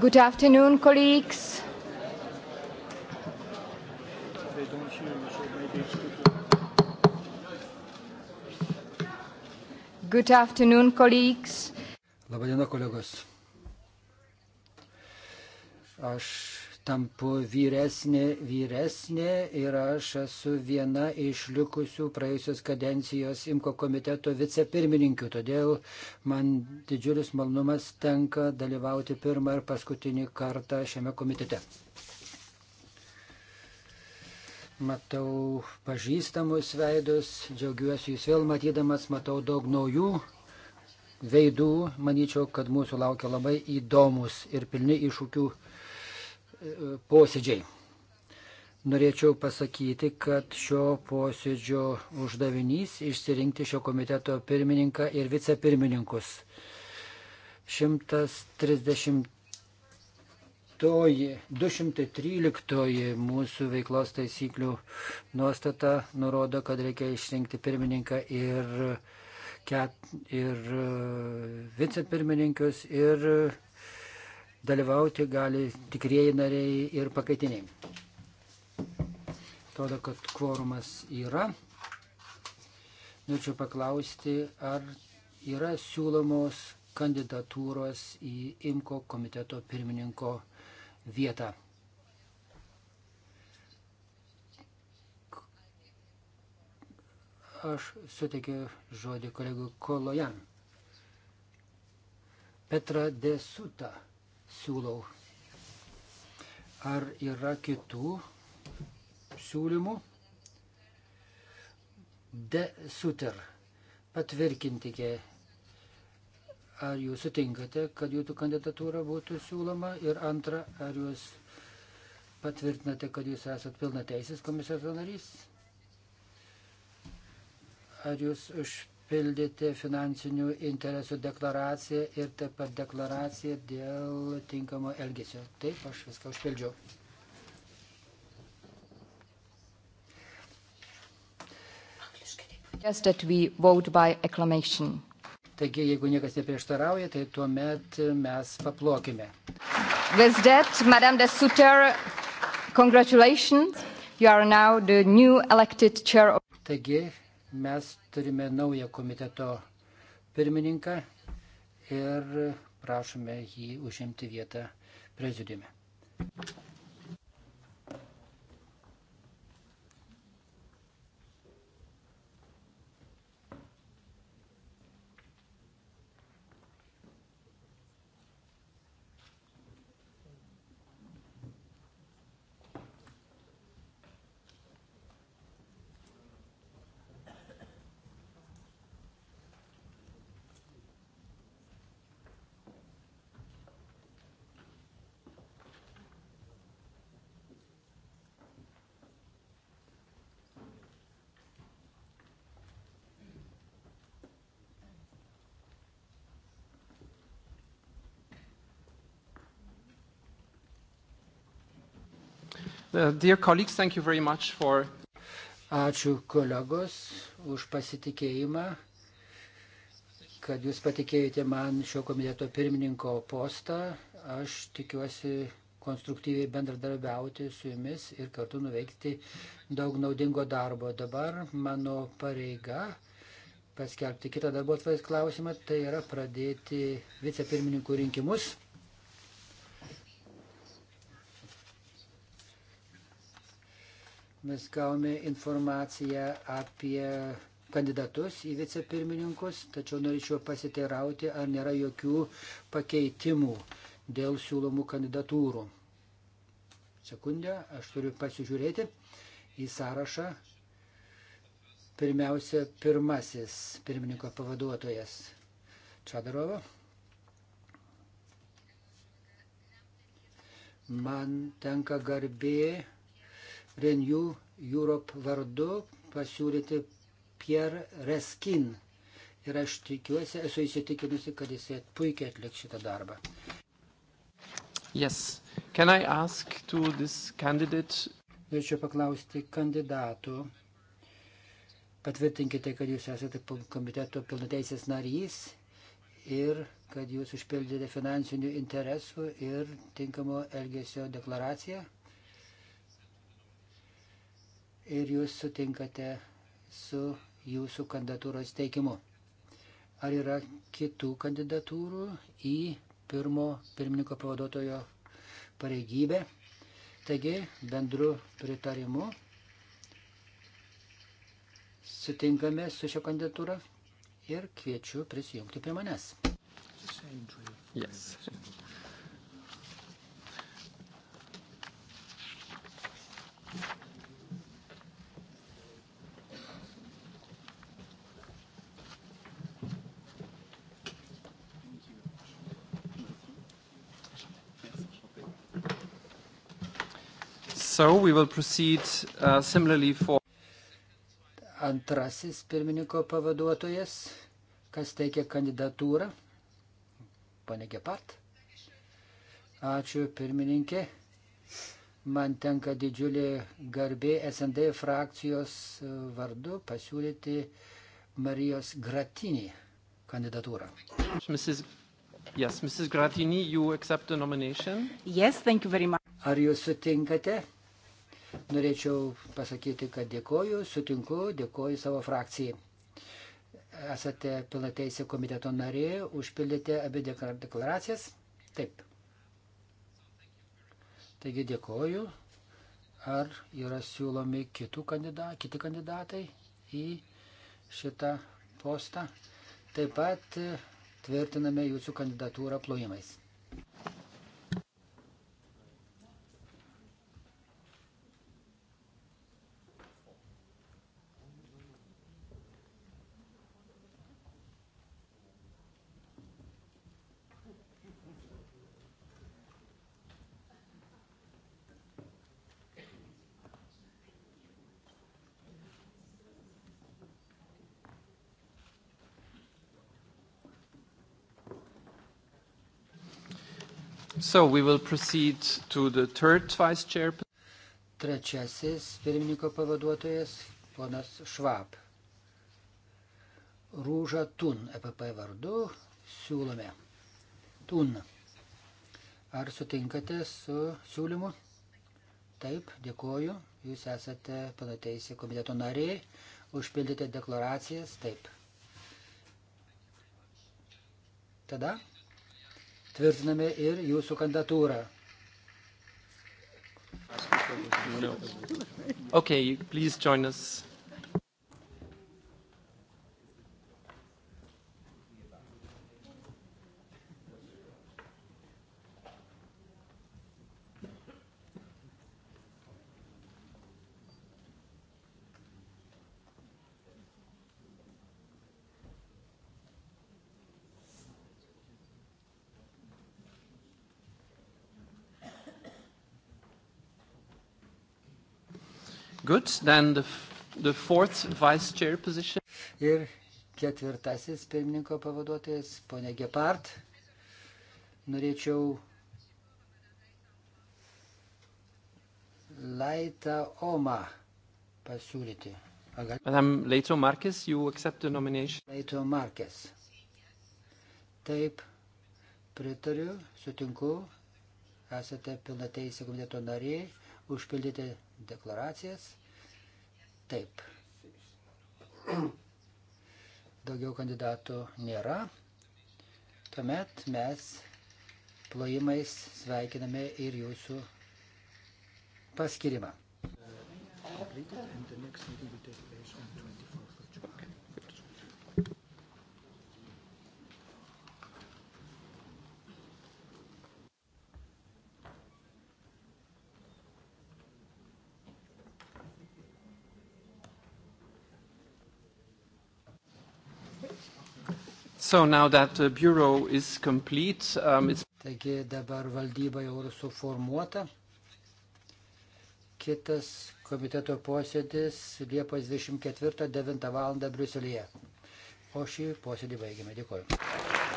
Good afternoon, colleagues. They don't hear you, so maybe it's good. Good afternoon, colleagues. Labadiena, kolegos. Aš tampu vyresnė, vyresnė ir aš esu viena iš likusių praėjusios kadencijos Imko komiteto vicepirmininkių. Todėl man didžiulis malnumas tenka dalyvauti pirmą ir paskutinį kartą šiame komitete. Matau pažįstamus veidus, džiaugiuosi jūs vėl matydamas, matau daug naujų veidų. Manyčiau, kad mūsų laukia labai įdomus ir pilni iššūkių posėdžiai. Norėčiau pasakyti, kad šio posėdžio uždavinys išsirinkti šio komiteto pirmininką ir vicepirmininkus. 130. 213 mūsų veiklos taisyklių nuostata nurodo, kad reikia išrinkti pirmininką ir, ket, ir e, vicepirmininkius ir dalyvauti gali tikrieji nariai ir pakaitiniai. Atrodo, kad kvorumas yra. Norėčiau paklausti, ar yra siūlomos kandidatūros į IMKO komiteto pirmininko vietą. Aš suteikiu žodį kolegų Kolojan. Petra Desuta siūlau. Ar yra kitų siūlymų? De suter. Patvirkintikė. Ar jūs sutinkate, kad jūsų kandidatūra būtų siūloma? Ir antra, ar jūs patvirtinate, kad jūs esat pilna teisės komisijos narys? Ar jūs už pildyti finansinių interesų deklaraciją ir taip pat deklaraciją dėl tinkamo elgesio. Taip, aš viską užpildžiau. Just that we vote by acclamation. Taigi, jeigu niekas neprieštarauja, tai tuomet mes paplokime. With that, Madame de Sutter, congratulations. You are now the new elected chair of... Taigi, Mes turime naują komiteto pirmininką ir prašome jį užimti vietą prezidiume. Uh, dear colleagues, thank you very much for. Ačiū kolegos už pasitikėjimą, kad jūs patikėjote man šio komiteto pirmininko postą. Aš tikiuosi konstruktyviai bendradarbiauti su jumis ir kartu nuveikti daug naudingo darbo. Dabar mano pareiga paskelbti kitą darbo klausimą, tai yra pradėti vicepirmininkų rinkimus. Mes gavome informaciją apie kandidatus į vicepirmininkus, tačiau norėčiau pasiteirauti, ar nėra jokių pakeitimų dėl siūlomų kandidatūrų. Sekundę, aš turiu pasižiūrėti į sąrašą. Pirmiausia, pirmasis pirmininko pavaduotojas Čadarovo. Man tenka garbė Renew Europe vardu pasiūlyti Pierre Reskin. Ir aš tikiuosi, esu įsitikinusi, kad jis puikiai atliks šitą darbą. Yes. Can I ask to this candidate? Norėčiau paklausti kandidatų. Patvirtinkite, kad jūs esate komiteto pilnateisės narys ir kad jūs užpildėte finansinių interesų ir tinkamo elgesio deklaraciją ir jūs sutinkate su jūsų kandidatūros teikimu. Ar yra kitų kandidatūrų į pirmo pirmininko pavaduotojo pareigybę? Taigi, bendru pritarimu sutinkame su šio kandidatūra ir kviečiu prisijungti prie manęs. Yes. So we will proceed uh, similarly for. Antrasis pirmininko pavaduotojas, kas teikia kandidatūrą, pane Gepart. Ačiū pirmininkė. Man tenka didžiulė garbė SND frakcijos uh, vardu pasiūlyti Marijos Gratinį kandidatūrą. Mrs. Yes, Mrs. Gratini, you accept the nomination? Yes, thank you very much. Ar jūs sutinkate? norėčiau pasakyti, kad dėkoju, sutinku, dėkoju savo frakcijai. Esate pilnateisė komiteto narė, užpildėte abi deklaracijas. Taip. Taigi dėkoju. Ar yra siūlomi kandida, kiti kandidatai į šitą postą? Taip pat tvirtiname jūsų kandidatūrą plojimais. So we will proceed to the third vice chair. Trečiasis pirmininko pavaduotojas, ponas Švab. Rūža Tun, EPP vardu, siūlome. Tun. Ar sutinkate su siūlymu? Taip, dėkoju. Jūs esate panateisė komiteto nariai. Užpildėte deklaracijas. Taip. Tada tvirtiname ir jūsų kandidatūrą. Okay, please join us. Good. Then the, the fourth vice chair position. Ir ketvirtasis pirmininko pavaduotojas, ponia Gepard. Norėčiau Laita Oma pasiūlyti. Gal... Madam Leito Markės, you accept the nomination? Leito Markės. Taip, pritariu, sutinku, esate pilnateisė komiteto nariai, užpildyti deklaracijas. Taip. Daugiau kandidatų nėra. Tuomet mes plojimais sveikiname ir jūsų paskirimą. And the next meeting will take place on 24. So now that the uh, bureau is complete, um, it's... Taigi dabar valdyba jau yra suformuota. Kitas komiteto posėdis Liepos 24-9 val. Briuselėje. O šį posėdį baigėme. Dėkuoju.